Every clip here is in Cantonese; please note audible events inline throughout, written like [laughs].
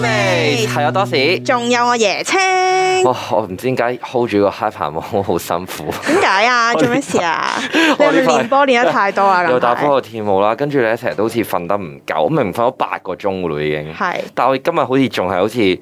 係啊，多士，仲有我椰青。哇，我唔知點解 hold 住個 high 磅，我好辛苦。點解啊？做咩事啊？你哋練波練得太多啦。 [laughs] 又打波又跳舞啦，跟住咧成日都好似瞓得唔夠，明明瞓咗八個鐘咁樣已經。係是，但係我今日好似仲係好似。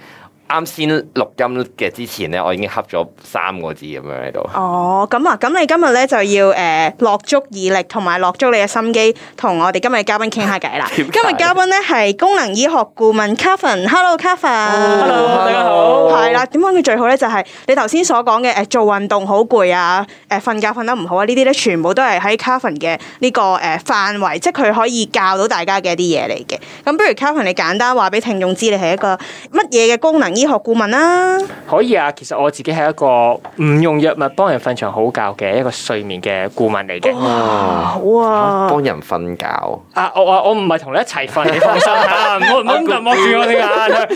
啱先錄音嘅之前咧，我已經瞌咗三個字咁樣喺度。哦，咁啊，咁你今日咧就要誒、呃、落足耳力，同埋落足你嘅心機，同我哋今日嘅嘉賓傾下偈啦。今日嘉賓咧係功能醫學顧問 Cavan。Hello，Cavan。Hello，oh, hello, hello 大家好。係啦，點講佢最好咧，就係、是、你頭先所講嘅誒做運動好攰啊，誒、呃、瞓覺瞓得唔好啊，呢啲咧全部都係喺 Cavan 嘅呢個誒範圍，即係佢可以教到大家嘅一啲嘢嚟嘅。咁不如 Cavan 你簡單話俾聽眾知，你係一個乜嘢嘅功能？醫學顧問啦、啊，可以啊。其實我自己係一個唔用藥物幫人瞓場好覺嘅一個睡眠嘅顧問嚟嘅。哇、啊， [laughs] 啊，幫人瞓覺啊！ [laughs] 是我我唔係同你一齊瞓，你放心吓，唔唔唔，望住我哋㗎。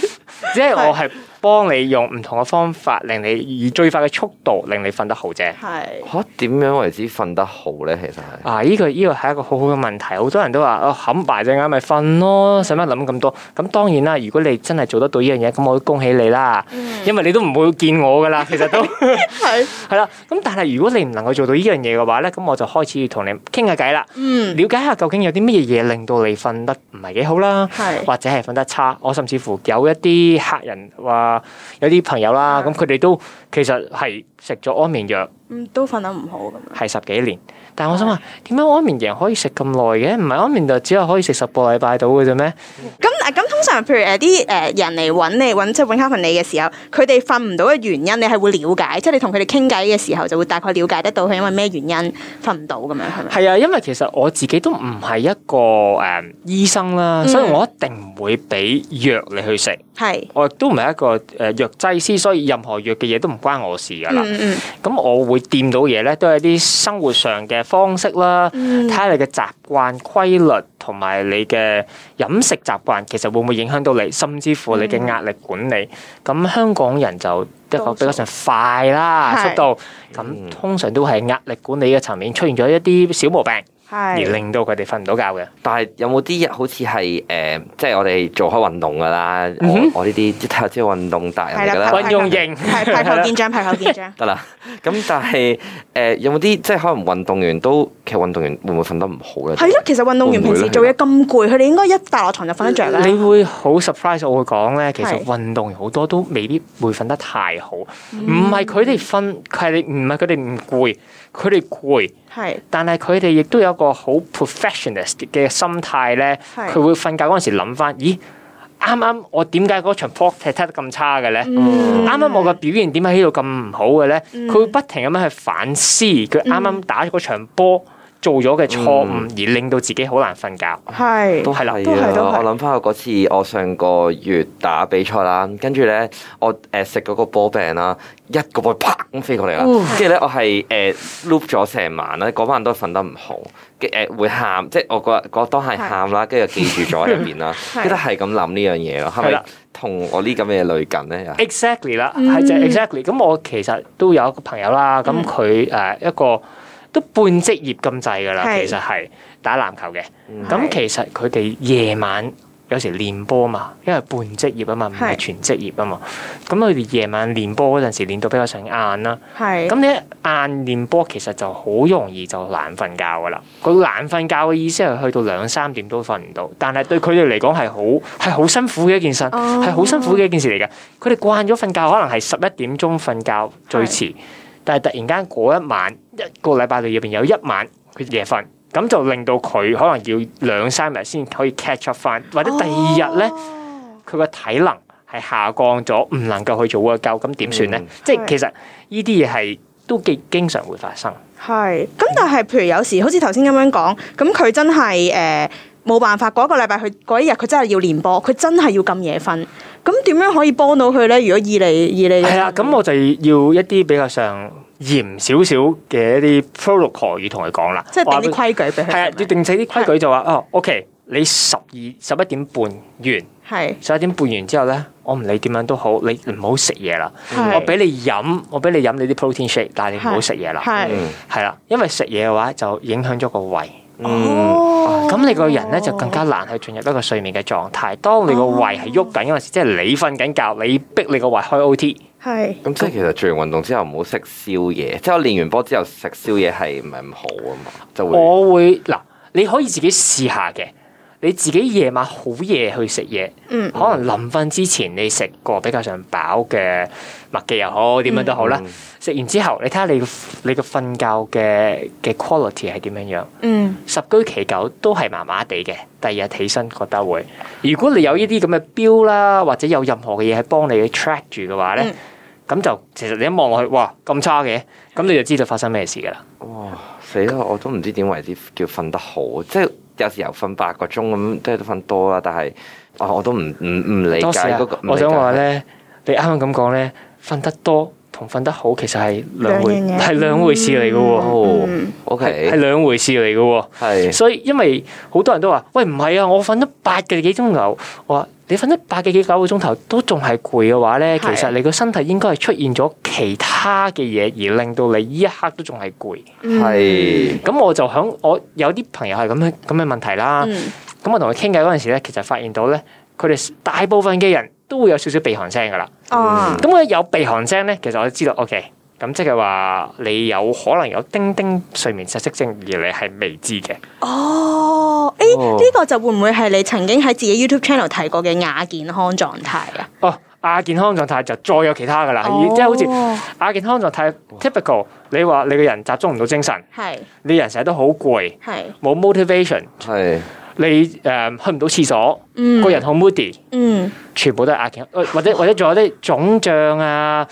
即係我係。幫你用唔同嘅方法，令你以最快嘅速度，令你瞓得好啫，係吓點樣為之瞓得好咧？其實係啊，呢個呢個係一個好好嘅問題。好多人都話：哦，冚埋隻眼咪瞓咯，使乜諗咁多？咁當然啦，如果你真係做得到呢樣嘢，咁我都恭喜你啦。嗯、因為你都唔會見我噶啦，其實都係係啦。咁 [laughs] 是 [laughs] 但係如果你唔能夠做到呢樣嘢嘅話咧，咁我就開始要同你傾下偈啦。嗯、了解下究竟有啲乜嘢嘢令到你瞓得唔係幾好啦，是或者係瞓得差，我甚至乎有一啲客人話。啊！有啲朋友啦，咁佢哋都其實係食咗安眠藥，嗯，都瞓得唔好咁樣，係十幾年。但係我想話，點解安眠藥可以食咁耐嘅？唔係安眠就只係可以食十個禮拜到嘅啫咩？咁啊咁通常，譬如誒啲誒人嚟揾你揾即係揾康復你嘅時候，佢哋瞓唔到嘅原因，你係會了解，即係你同佢哋傾偈嘅時候就會大概瞭解得到係因為咩原因瞓唔到咁樣係咪？係啊，因為其實我自己都唔係一個誒醫生啦，所以我一定唔會俾藥你去食。係，我亦都唔係一個誒藥劑師，所以任何藥嘅嘢都唔關我事㗎啦。嗯嗯。咁我會掂到嘢咧，都係啲生活上嘅方式啦，睇下你嘅習慣規律同埋你嘅飲食習慣其實會唔會影響到你，甚至乎你嘅壓力管理。咁、嗯、香港人就一個比較上快啦，多數，速度。咁、嗯、通常都係壓力管理嘅層面出現咗一啲小毛病。係而令到佢哋瞓唔到覺嘅。但係有冇啲好似係誒，即係我哋做開運動噶啦。我呢啲即係體育即係運動達人運用型，排排頭見章，排頭見章。得啦。咁但係誒，有冇啲即係可能運動員都其實運動員會唔會瞓得唔好嘅？係啊，其實運動員平時做嘢咁攰，佢哋應該一大落床就瞓得着啦。你會好 surprise，我會講咧，其實運動員好多都未必會瞓得太好。唔係佢哋瞓，佢係唔係佢哋唔攰，佢哋攰。係，但係佢哋亦都有個好 professional 嘅心態咧，佢是的 會瞓覺嗰陣時諗翻，咦，啱啱我點解嗰場波踢得咁差嘅咧？啱啱、嗯、我嘅表現點解喺度咁唔好嘅咧？佢、嗯、會不停咁樣去反思，佢啱啱打嗰場波。做咗嘅錯誤而令到自己好難瞓覺，係，都係啊！我諗翻我嗰次，我上個月打比賽啦，跟住咧，我誒食嗰個波餅啦，一個波啪咁飛過嚟啦，跟住咧我係誒 loop 咗成晚啦，嗰晚都瞓得唔好，嘅誒會喊，即係我覺覺當係喊啦，跟住記住咗喺入面啦，跟住係咁諗呢樣嘢咯，係咪同我呢咁嘅類近咧？Exactly 啦，係就 Exactly。咁我其實都有一個朋友啦，咁佢誒一個。都半職業咁滯噶啦，其實係打籃球嘅。咁其實佢哋夜晚有時練波嘛，因為半職業啊嘛，唔係是全職業啊嘛。咁佢哋夜晚練波嗰陣時，練到比較成晏啦。係咁是你晏練波，其實就好容易就懶瞓覺噶啦。佢懶瞓覺嘅意思係去到兩三點都瞓唔到。但係對佢哋嚟講係好係好辛苦嘅一件事，係好、哦、辛苦嘅一件事嚟噶。佢哋慣咗瞓覺，可能係十一點鐘瞓覺最遲。是但係突然間嗰一晚，一個禮拜裏入邊有一晚佢夜瞓，咁就令到佢可能要兩三日先可以 catch up 翻，或者第二日咧，佢個、哦、體能係下降咗，唔能夠去做個教，咁點算咧？嗯、即係其實呢啲嘢係都幾經常會發生。係，咁但係譬如有時好似頭先咁樣講，咁佢真係誒冇辦法嗰一個禮拜去嗰一日，佢真係要連播，佢真係要咁夜瞓，咁點樣可以幫到佢咧？如果二嚟二嚟係啊，咁我就要一啲比較上。嚴少少嘅一啲 protocol 要同佢講啦，即係定啲規矩俾佢。係啊，要定製啲規矩就話，是的 哦，OK，你十二十一點半完，係是的 十一點半完之後咧，我唔理點樣都好，你唔好食嘢啦。是的 我俾你飲，我俾你飲你啲 protein shake，但係你唔好食嘢啦。係，係啦，因為食嘢嘅話就影響咗個胃。咁、哦嗯、你個人咧就更加難去進入一個睡眠嘅狀態。當你個胃係喐緊嗰陣時即係你瞓緊覺，你逼你個胃開 OT。係，咁是即係其實做完運動之後唔好食宵夜，即係我練完波之後食宵夜係唔係咁好啊嘛，就會。我會嗱，你可以自己試下嘅，你自己夜晚好夜去食嘢，嗯，可能臨瞓之前你食過比較上飽嘅。麥記又好，點樣都好啦。食、嗯、完之後，你睇下你個你個瞓覺嘅嘅 quality 係點樣樣。嗯，十居其九都係麻麻地嘅。第二日起身覺得會，如果你有呢啲咁嘅標啦，或者有任何嘅嘢係幫你去 track 住嘅話咧，咁、嗯、就其實你一望落去，哇，咁差嘅，咁你就知道發生咩事噶啦。哇、哦，死啦！我都唔知點為之叫瞓得好，即係有時候瞓八個鐘咁，都係瞓多啦。但係啊、哦，我都唔唔唔理解，嗰個理解我想話咧，你啱啱咁講咧。瞓得多同瞓得好，其實係兩回，回事，係兩回事嚟嘅。OK，係兩回事嚟嘅。係，所以因為好多人都話，喂唔係啊，我瞓咗八個幾鐘頭，我話你瞓咗八幾幾九個鐘頭都仲係攰嘅話咧，其實你個身體應該係出現咗其他嘅嘢，而令到你依一刻都仲係攰。係是，咁、嗯、我就響我有啲朋友係咁樣咁樣問題啦。咁、嗯、我同佢傾偈嗰陣時咧，其實發現到咧，佢哋大部分嘅人。都會有少少鼻鼾聲噶啦，咁我、嗯嗯、有鼻鼾聲咧，其實我知道，OK，咁即係話你有可能有叮叮睡眠窒息症，而你係未知嘅。哦，誒，呢、這個就會唔會係你曾經喺自己 YouTube channel 提過嘅亞健康狀態啊？哦，亞健康狀態就再有其他噶啦，哦、即係好似亞健康狀態、哦、typical，你話你個人集中唔到精神，係是，你人成日都好攰，係是，冇 motivation，係。是你誒、呃、去唔到廁所，嗯、個人好 moody，嗯、全部都係亞健康，或者或者仲有啲腫脹啊、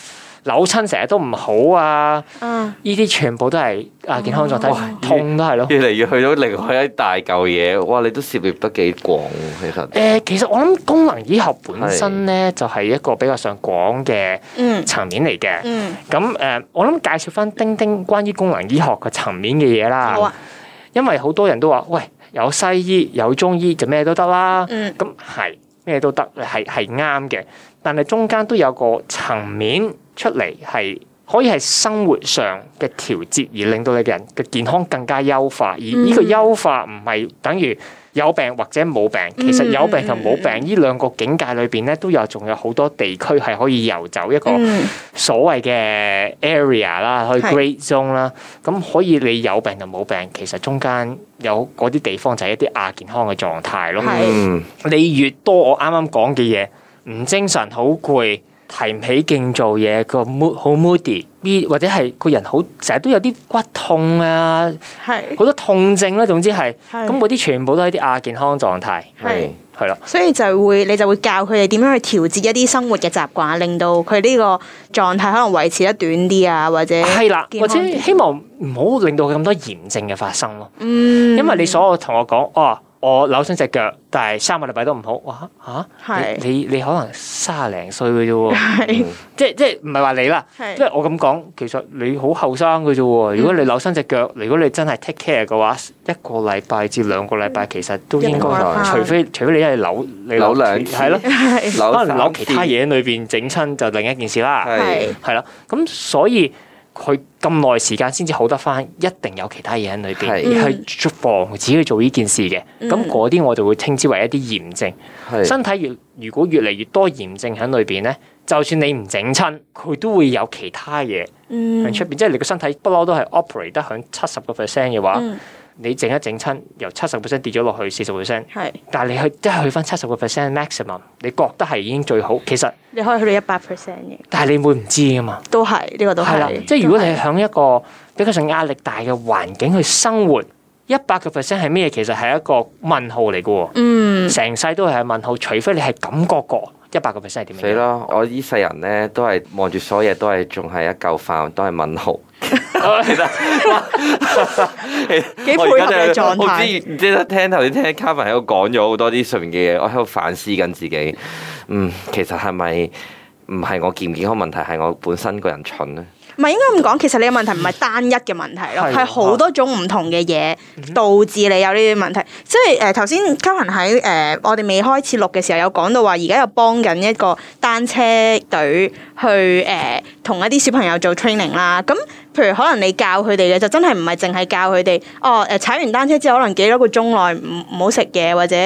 扭親成日都唔好啊，呢啲、嗯、全部都係亞健康狀態，嗯嗯、痛都係咯。越嚟越去到另外一大嚿嘢，哇！你都涉獵得幾廣，其實。誒，其實我諗功能醫學本身咧，就係、是、一個比較上廣嘅層面嚟嘅。咁誒、嗯嗯呃，我諗介紹返丁丁關於功能醫學嘅層面嘅嘢啦。啊、因為好多人都話，喂。有西醫有中醫，就咩都得啦，咁係咩都得係係啱嘅，但係中間都有個層面出嚟係可以係生活上嘅調節，而令到你嘅人嘅健康更加優化，而呢個優化唔係等於有病或者冇病，其實有病同冇病呢兩、嗯、個境界裏邊咧，都有仲有好多地區係可以遊走一個所謂嘅 area 啦、嗯，去 grade 中啦是，咁可以你有病就冇病，其實中間有嗰啲地方就係一啲亞健康嘅狀態咯。你越多我啱啱講嘅嘢，唔精神，好攰。提唔起勁做嘢，個 mo 好 moody，或者係個人好成日都有啲骨痛啊，好是多痛症咧、啊，總之係咁，嗰啲是全部都係啲亞健康狀態，係係是、嗯、啦。所以就會你就會教佢哋點樣去調節一啲生活嘅習慣，令到佢呢個狀態可能維持得短啲啊，或者係啦，或者希望唔好令到佢咁多炎症嘅發生咯。嗯，因為你所有同我講，我、哦。我扭傷隻腳，但係三個禮拜都唔好。哇吓、啊是，你你可能卅零歲嘅啫喎，即係即係唔係話你啦。即係是我咁講，其實你好後生嘅啫喎。如果你扭傷隻腳，嗯、如果你真係 take care 嘅話，一個禮拜至兩個禮拜其實都應該就，除非除非你一係扭你扭兩係咯，了可能扭其他嘢喺裡邊整親就另一件事啦。係啦，咁所以。佢咁耐時間先至好得翻，一定有其他嘢喺裏邊去防止去做呢件事嘅。咁嗰啲我就會稱之為一啲炎症。是身體越，如果越嚟越多炎症喺裏邊咧，就算你唔整親，佢都會有其他嘢喺出邊。即係你個身體不嬲都係 operate 得響七十個 percent 嘅話。嗯嗯你整一整親，由七十 percent 跌咗落去四十 percent，係，是但係你去真係去返七十個 percent maximum，你覺得係已經最好，其實你可以去到一百 percent 嘅，但係你會唔知㗎嘛？都係，呢、這個都係。啦的，是即係如果你喺一個比較上壓力大嘅環境去生活，一百個 percent 係咩？其實係一個問號嚟嘅喎，嗯，成世都係問號，除非你係感覺過一百個 percent 係點樣。死啦！我呢世人咧都係望住所有嘢，都係仲係一嚿飯，都係問號。 [laughs] 其實， [laughs] [laughs] 我而家真係好知，即係聽頭先聽 Cavan 喺度講咗好多啲睡眠嘅嘢，我喺度反思緊自己。嗯，其實係咪唔係我健唔健康問題，係我本身個人蠢咧？唔係，應該咁講，其實你嘅問題唔係單一嘅問題咯，係好 [laughs] 多種唔同嘅嘢導致你有呢啲問題。即係誒頭先，嘉行喺誒我哋未開始錄嘅時候有講到話，而家又幫緊一個單車隊去誒同、呃、一啲小朋友做 training 啦。咁譬如可能你教佢哋嘅就真係唔係淨係教佢哋，哦誒踩、呃、完單車之後可能幾多個鐘內唔唔好食嘢或者。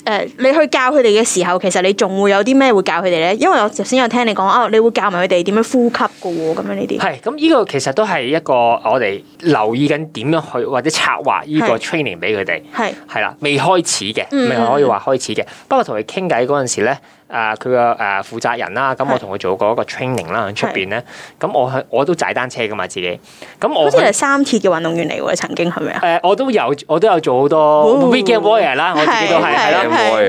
誒，uh, 你去教佢哋嘅時候，其實你仲會有啲咩會教佢哋咧？因為我頭先有聽你講啊、哦，你會教埋佢哋點樣呼吸嘅喎、哦，咁樣呢啲。係，咁呢個其實都係一個我哋留意緊點樣去或者策劃呢個 training 俾佢哋。係，係啦，未開始嘅，未可以話開始嘅。嗯嗯，不過同佢傾偈嗰陣時咧。誒，佢個誒負責人啦，咁我同佢做過一個 training 啦的，喺出邊咧，咁我我都踩單車噶嘛自己，咁我好似係三鐵嘅運動員嚟喎，曾經係咪啊？誒、呃、我都有我都有做好多 weekend warrior 啦、哦，我自己都係係啦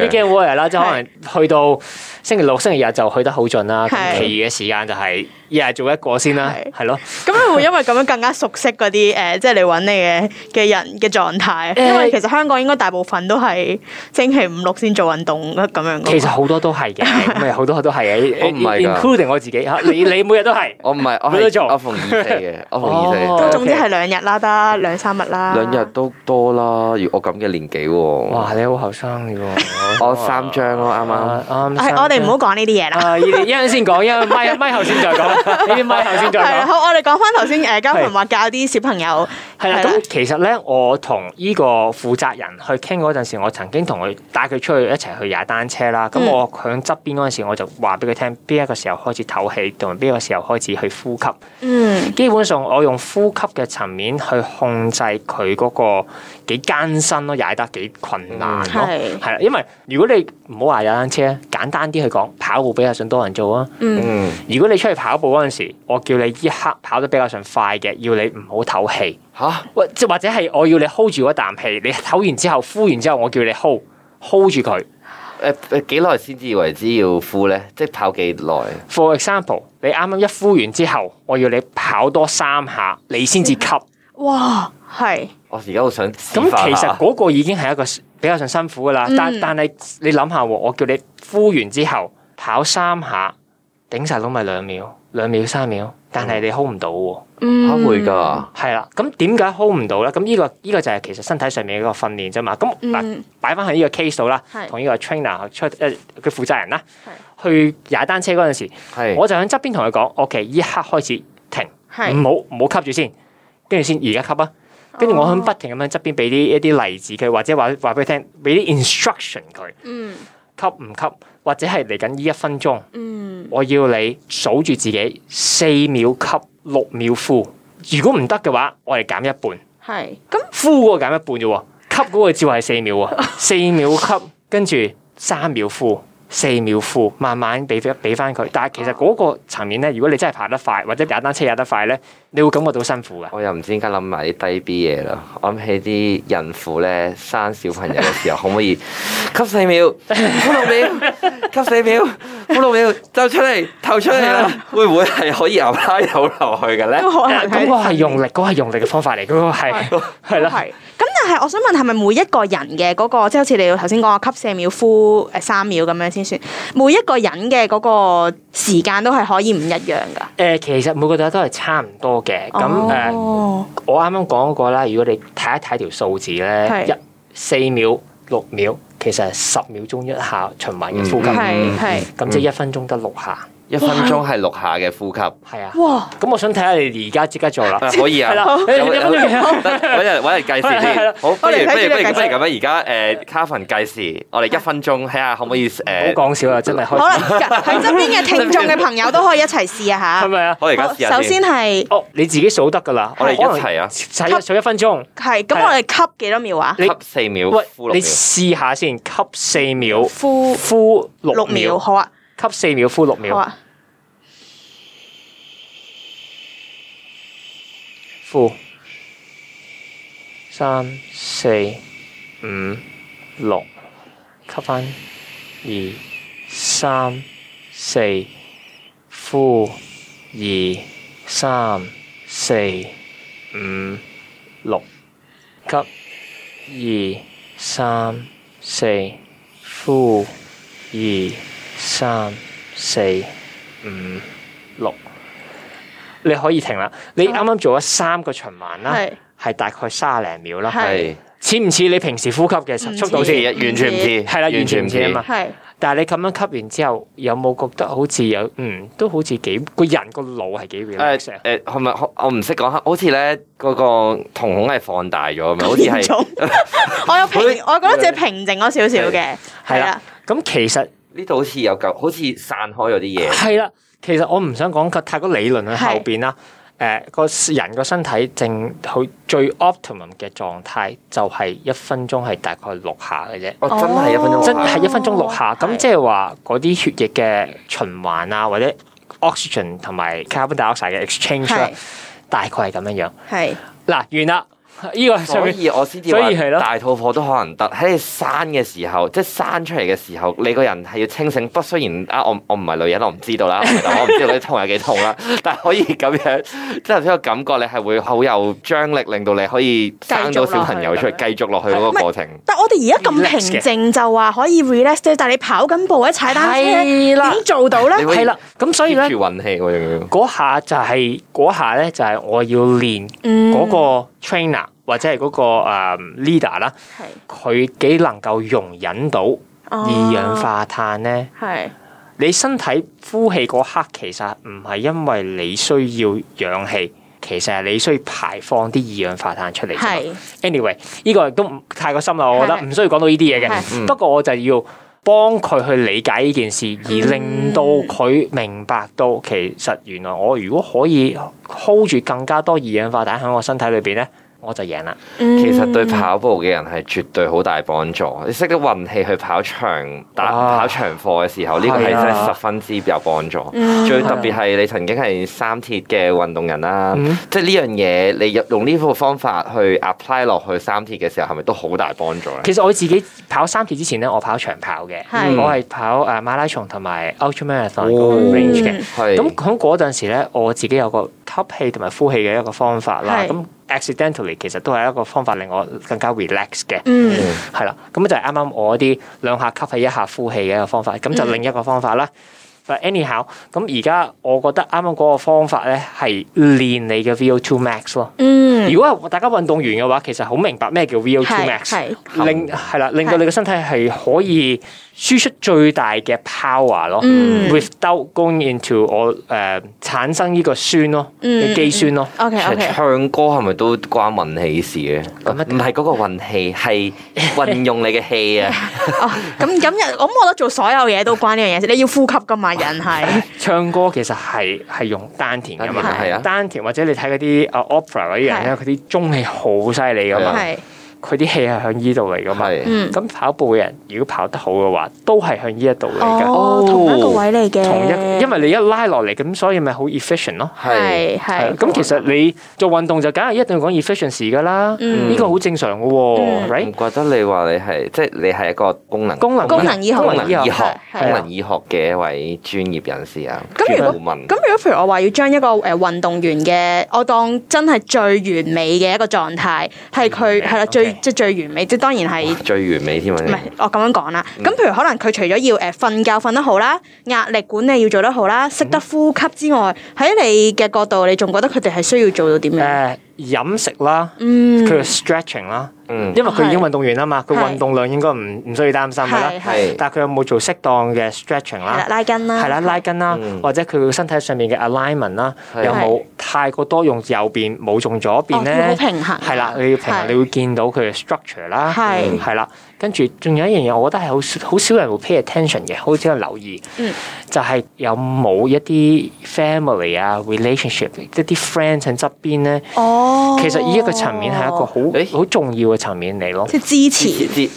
，weekend warrior 啦，即係可能去到星期六、星期日就去得好盡啦，咁其餘嘅時間就係、是。依家做一個先啦，係咯。咁會唔會因為咁樣更加熟悉嗰啲誒，即係嚟揾你嘅嘅人嘅狀態？因為其實香港應該大部分都係星期五六先做運動咯，咁樣。其實好多都係嘅，咪好多都係嘅。我唔係噶，Including 我自己，你你每日都係。我唔係，我做阿馮耳仔嘅，阿馮耳仔。都總之係兩日啦，得兩三日啦。兩日都多啦，如我咁嘅年紀喎。哇，你好後生㗎喎！我三張咯，啱唔啱？係，我哋唔好講呢啲嘢啦。一陣先講，一咪咪後先再講。呢啲貓頭先再講。好，我哋講翻頭先誒，嘉文話教啲小朋友係啦。咁了了其實咧，我同依個負責人去傾嗰陣時，我曾經同佢帶佢出去一齊去踩單車啦。咁我響側邊嗰陣時，我就話俾佢聽邊一個時候開始唞氣，同邊一個時候開始去呼吸。嗯、基本上我用呼吸嘅層面去控制佢嗰個幾艱辛咯，踩得幾困難咯。係啦、嗯，因為如果你唔好話踩單車，簡單啲去講跑步比較上多人做啊。嗯嗯、如果你出去跑步。嗰陣時，我叫你一刻跑得比較上快嘅，要你唔好唞氣吓。喂蛤，即或者係我要你 hold 住嗰啖氣，你唞完之後呼完之後，我叫你 hold hold 住佢。誒幾耐先至為之要呼咧？即係跑幾耐？For example，你啱啱一呼完之後，我要你跑多三下，你先至吸。哇，係。我而家好想咁，其實嗰個已經係一個比較上辛苦噶啦、嗯。但但係你諗下，我叫你呼完之後跑三下，頂晒都咪兩秒？兩秒三秒，但係你 hold 唔到喎，嚇會㗎，係啦。咁點解 hold 唔到咧？咁呢個、依個就係其實身體上面嗰個訓練啫嘛。咁嗱，擺翻喺呢個 case 度啦，同呢是個 trainer 出誒佢、呃、負責人啦，去踩單車嗰陣時，是我就喺側邊同佢講：OK，依刻開始停，唔好唔好吸住先，跟住先而家吸啊。跟住我響不停咁樣側邊俾啲一啲例子佢，或者話話俾佢聽，俾啲 instruction 佢，吸唔吸？或者係嚟緊呢一分鐘，嗯、我要你數住自己四秒吸，六秒呼。如果唔得嘅話，我哋減一半。係咁，呼嗰個減一半啫，吸嗰個只係四秒啊！四秒吸， [laughs] 跟住三秒呼，四秒呼，慢慢俾翻俾翻佢。但係其實嗰個層面咧，如果你真係爬得快，或者踩單車踩得快咧。你會感覺到辛苦噶？我又唔知點解諗埋啲低 B 嘢咯。我諗起啲孕婦咧，生小朋友嘅時候，可唔可以吸四秒、呼六秒、吸四秒、呼六秒，就出嚟、透出嚟啦？會唔會係可以由拉油落去嘅咧？都可能。嗰個係用力，嗰個係用力嘅方法嚟，嗰個係係啦。咁但係我想問，係咪每一個人嘅嗰個，即係好似你頭先講吸四秒、呼誒三秒咁樣先算？每一個人嘅嗰個時間都係可以唔一樣噶？誒，其實每個人都係差唔多。嘅咁誒，那 oh. 我啱啱講過啦。如果你睇一睇條數字咧，是一四秒，六秒，其實係十秒鐘一下循環嘅呼吸，係咁即係一分鐘得六下，一分鐘係六下嘅呼吸，係啊！哇！咁我想睇下你而家即刻做啦，可以啊！得，揾人揾人計時先，好，不如不如不如咁啊！而家誒，卡文計時，我哋一分鐘，睇下可唔可以誒？好講笑啊！真係，好啦，喺側邊嘅聽眾嘅朋友都可以一齊試啊！嚇，係咪啊？好，首先係哦，你自己數得㗎啦，我哋一齊啊，數一分鐘，係咁，我哋吸幾多秒啊？吸四秒，呼六秒。你試下先，吸四秒，呼呼六秒，好啊。吸四秒，好啊，呼六秒。呼，三四五六，吸返二三四呼，二三四五六，吸二三四呼二，三四五六，你可以停啦。你啱啱做咗三個循環啦，係大概卅零秒啦，係似唔似你平時呼吸嘅速度先？完全唔似，係啦，完全唔似啊嘛。係，但係你咁樣吸完之後，有冇覺得好似有？嗯，都好似幾個人個腦係幾 feel 咧？誒誒，係咪？我唔識講，好似咧嗰個瞳孔係放大咗，咪好似係。我有平，我覺得自己平靜咗少少嘅。係啦，咁其實。呢度好似有嚿，好似散開咗啲嘢。係啦，其實我唔想講個太多理論喺後邊啦。誒是，個、呃、人個身體正去最 optimum 嘅狀態，就係一分鐘係大概六下嘅啫。我、哦哦、真係一分鐘，真係一分鐘六下。咁、哦、即係話嗰啲血液嘅循環啊，或者 oxygen 同埋 carbon dioxide 嘅 exchange，是大概係咁樣樣。係嗱是，完啦。依個係，所以，我先至話大肚婆都可能得。喺你生嘅時候，即係生出嚟嘅時候，你個人係要清醒。不，雖然啊，我我唔係女人，我唔知道啦。 [laughs] 我唔知道你痛有幾痛啦，但係可以咁樣，即係呢個感覺，你係會好有張力，令到你可以生到小朋友出嚟，繼續落去嗰個過程。但我哋而家咁平靜，就話可以 relax 啫。但係你跑緊步，一踩單車，點了做到咧？係啦，咁所以咧，住運氣，嗰下就係、是、嗰下咧，就係我要練嗰、那個嗯 trainer 或者係嗰、那個誒、um, leader 啦是，佢幾能夠容忍到二氧化碳咧？係、哦、你身體呼氣嗰刻，其實唔係因為你需要氧氣，其實係你需要排放啲二氧化碳出嚟。係是 anyway，呢個都唔太過深啦，我覺得唔需要講到呢啲嘢嘅。是嗯、不過我就要。幫佢去理解呢件事，而令到佢明白到，其實原來我如果可以 hold 住更加多二氧化碳喺我身體裏邊咧。我就贏啦！嗯、其實對跑步嘅人係絕對好大幫助。你識得運氣去跑長打哇跑長課嘅時候，呢、呢個係真係十分之有幫助。嗯、最特別係你曾經係三鐵嘅運動人啦，嗯、即係呢樣嘢你用呢個方法去 apply 落去三鐵嘅時候，係咪都好大幫助咧？其實我自己跑三鐵之前咧，我跑長跑嘅，是我係跑誒馬拉松同埋 ultramarathon 嘅、哦。咁喺嗰陣時咧，我自己有個吸氣同埋呼氣嘅一個方法啦。咁是 accidentally 其實都係一個方法令我更加 relax 嘅，係啦， [laughs] 咁就係啱啱我啲兩下吸氣一下呼氣嘅一個方法，咁就另一個方法啦。 [laughs] Anyhow，咁而家，我覺得啱啱嗰個方法咧係練你嘅 VO2max 咯。嗯，如果大家運動員嘅話，其實好明白咩叫 VO2max，令係啦，令到你嘅身體係可以輸出最大嘅 power 咯，without going into 我誒產生呢個酸咯，嘅肌酸咯。O K O K。唱歌係咪都關運氣事嘅？唔係嗰個運氣，係運用你嘅氣啊。哦，咁樣，咁我覺得做所有嘢都關呢樣嘢，你要呼吸㗎嘛。人係 [laughs] 唱歌其實係係用丹田噶嘛，丹田，啊、丹田或者你睇嗰啲啊 Opera 嗰啲人咧，佢啲是的 中氣好犀利噶嘛。是的 佢啲氣係向依度嚟噶嘛？咁跑步嘅人如果跑得好嘅話，都係向依一度嚟嘅。哦，同一個位嚟嘅，同一，因為你一拉落嚟，咁所以咪好 efficient 咯。係係。咁其實你做運動就梗係一定要講 efficiency 噶啦。呢個好正常嘅喎。Right？唔覺得你話你係即係你係一個功能功能功能醫學功能醫學功能醫學嘅一位專業人士啊？咁如果咁如果譬如我話要將一個誒運動員嘅我當真係最完美嘅一個狀態，係佢係啦最。即最完美，即當然係最完美添喎。唔係，我咁樣講啦。咁、嗯、譬如可能佢除咗要誒瞓覺瞓得好啦，壓力管理要做得好啦，識得呼吸之外，喺、嗯、你嘅角度，你仲覺得佢哋係需要做到點樣？誒、呃、飲食啦，譬如、嗯、stretching 啦。嗯，因為佢已經運動完啦嘛，佢運動量應該唔唔需要擔心嘅啦。係，但係佢有冇做適當嘅 stretching 啦？拉筋啦，係啦，拉筋啦，或者佢身體上面嘅 alignment 啦，有冇太過多用右邊冇用左邊咧？平衡係啦，你要平衡，你會見到佢嘅 structure 啦，係，係啦。跟住仲有一樣嘢，我覺得係好好少人會 pay attention 嘅，好少人留意，嗯，就係有冇一啲 family 啊，relationship，即啲 friend 喺側邊咧。哦，其實依一個層面係一個好好重要嘅。層面嚟咯，即係支持，支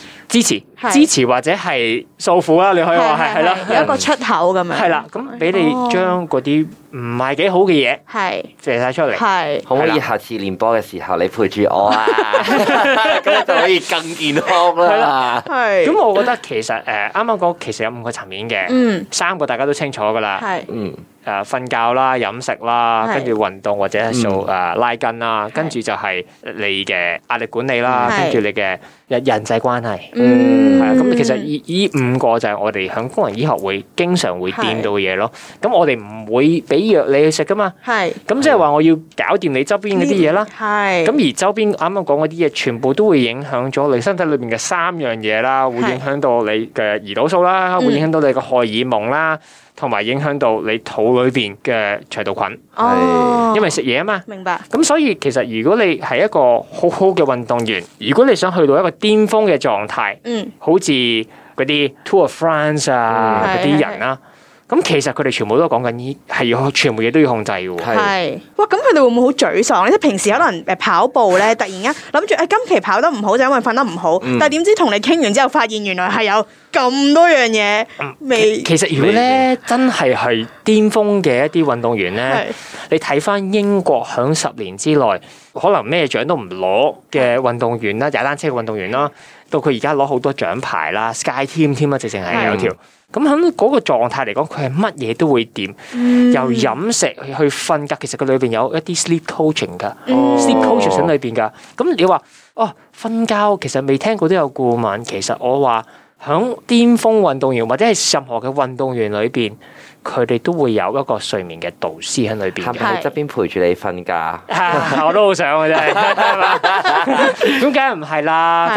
持，支持或者係訴苦啦，你可以話係係啦，有一個出口咁樣，係啦，咁俾你將嗰啲唔係幾好嘅嘢，係射晒出嚟，係。可唔可以下次練波嘅時候你陪住我啊？咁就可以更健康啦。係，咁我覺得其實誒，啱啱講其實有五個層面嘅，嗯，三個大家都清楚噶啦，係，嗯。誒，瞓覺啦，飲食啦，跟住運動或者做誒拉筋啦，跟住就係你嘅壓力管理啦，跟住你嘅人人際關係，嗯，係啊，咁其實依五個就係我哋響功能醫學會經常會掂到嘢咯。咁我哋唔會俾藥你去食噶嘛，係。咁即係話我要搞掂你周邊嗰啲嘢啦，係。咁而周邊啱啱講嗰啲嘢，全部都會影響咗你身體裏邊嘅三樣嘢啦，會影響到你嘅胰島素啦，會影響到你個荷爾蒙啦。同埋影響到你肚裏邊嘅腸道菌，哦、因為食嘢啊嘛。明白。咁所以其實如果你係一個好好嘅運動員，如果你想去到一個巔峰嘅狀態，嗯，好似嗰啲 Tour de France 啊嗰啲、嗯、人啊。嗯咁其實佢哋全部都係講緊，係要全部嘢都要控制嘅喎。係，哇！咁佢哋會唔會好沮喪咧？即平時可能誒跑步咧，突然間諗住誒今期跑得唔好就因為瞓得唔好，嗯、但係點知同你傾完之後，發現原來係有咁多樣嘢未其。其實如果咧，真係係巔峰嘅一啲運動員咧。是你睇翻英國響十年之內，可能咩獎都唔攞嘅運動員啦，踩單車嘅運動員啦，到佢而家攞好多獎牌啦，Sky Team 添啊，直情係有條。是咁喺嗰個狀態嚟講，佢係乜嘢都會掂，由飲食去瞓覺，其實佢裏邊有一啲、嗯、sleep coaching 噶，sleep coaching 喺裏邊噶。咁、嗯、你話哦，瞓覺其實未聽過都有顧問。其實我話喺巔峰運動員或者係任何嘅運動員裏邊。佢哋都會有一個睡眠嘅導師喺裏邊嘅，喺側邊陪住你瞓㗎。我都好想啊，真咁梗係唔係啦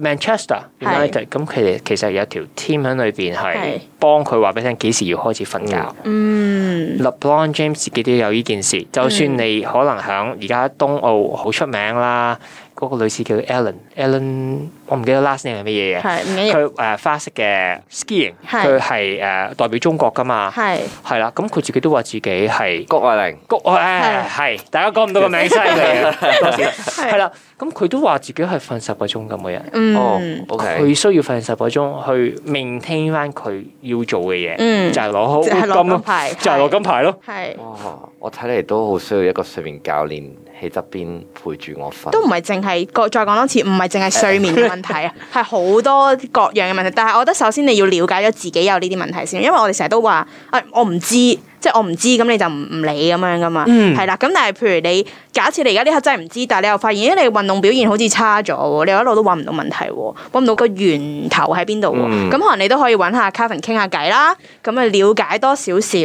？Manchester United 咁佢哋其實有一條 team 喺裏邊係幫佢話俾你聽幾時要開始瞓覺。是嗯、LeBron James 自己都有呢件事，就算你可能喺而家東澳好出名啦，嗰個女士叫 Ellen，Ellen 我唔記得 last name 係咩嘢嘅，佢誒花式嘅 skiing，佢係誒代表中國噶嘛，係啦，咁佢自己都話自己係谷愛凌，谷愛係，大家講唔到個名先嘅，係啦，咁佢都話自己係瞓十個鐘咁嘅人，嗯，OK，佢需要瞓十個鐘去 maintain 翻佢要做嘅嘢，嗯，就係攞好金牌，就係攞金牌咯，係。我睇嚟都好需要一個睡眠教練喺側邊陪住我瞓。都唔係淨係，再講多次，唔係淨係睡眠嘅問題啊，係好 [laughs] 多各樣嘅問題。但係我覺得首先你要了解咗自己有呢啲問題先，因為我哋成日都話，誒、哎、我唔知，即係我唔知，咁你就唔唔理咁樣㗎嘛。嗯，係啦。咁但係譬如你。假設你而家呢刻真係唔知，但係你又發現，因你運動表現好似差咗，你一路都揾唔到問題，揾唔到個源頭喺邊度喎，咁可能你都可以揾下 Cavan 傾下偈啦，咁啊了解多少少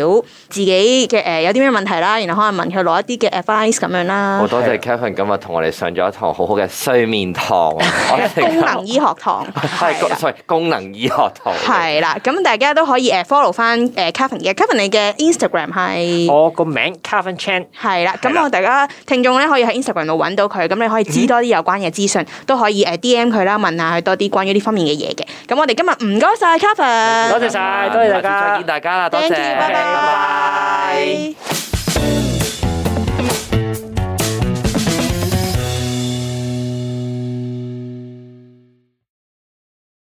自己嘅誒有啲咩問題啦，然後可能問佢攞一啲嘅 advice 咁樣啦。好多謝 Cavan 今日同我哋上咗一堂好好嘅睡眠堂，功能醫學堂，功能醫學堂。係啦，咁大家都可以 follow 翻誒 Cavan 嘅，Cavan 你嘅 Instagram 係我個名 Cavan Chan。係啦，咁我大家聽。仲咧可以喺 Instagram 度揾到佢，咁你可以知多啲有關嘅資訊，都、嗯、可以誒 DM 佢啦，問下佢多啲關於呢方面嘅嘢嘅。咁我哋今日唔該晒 Cavan 多謝晒，多謝大家，再見大家啦，多謝，拜拜。Bye bye。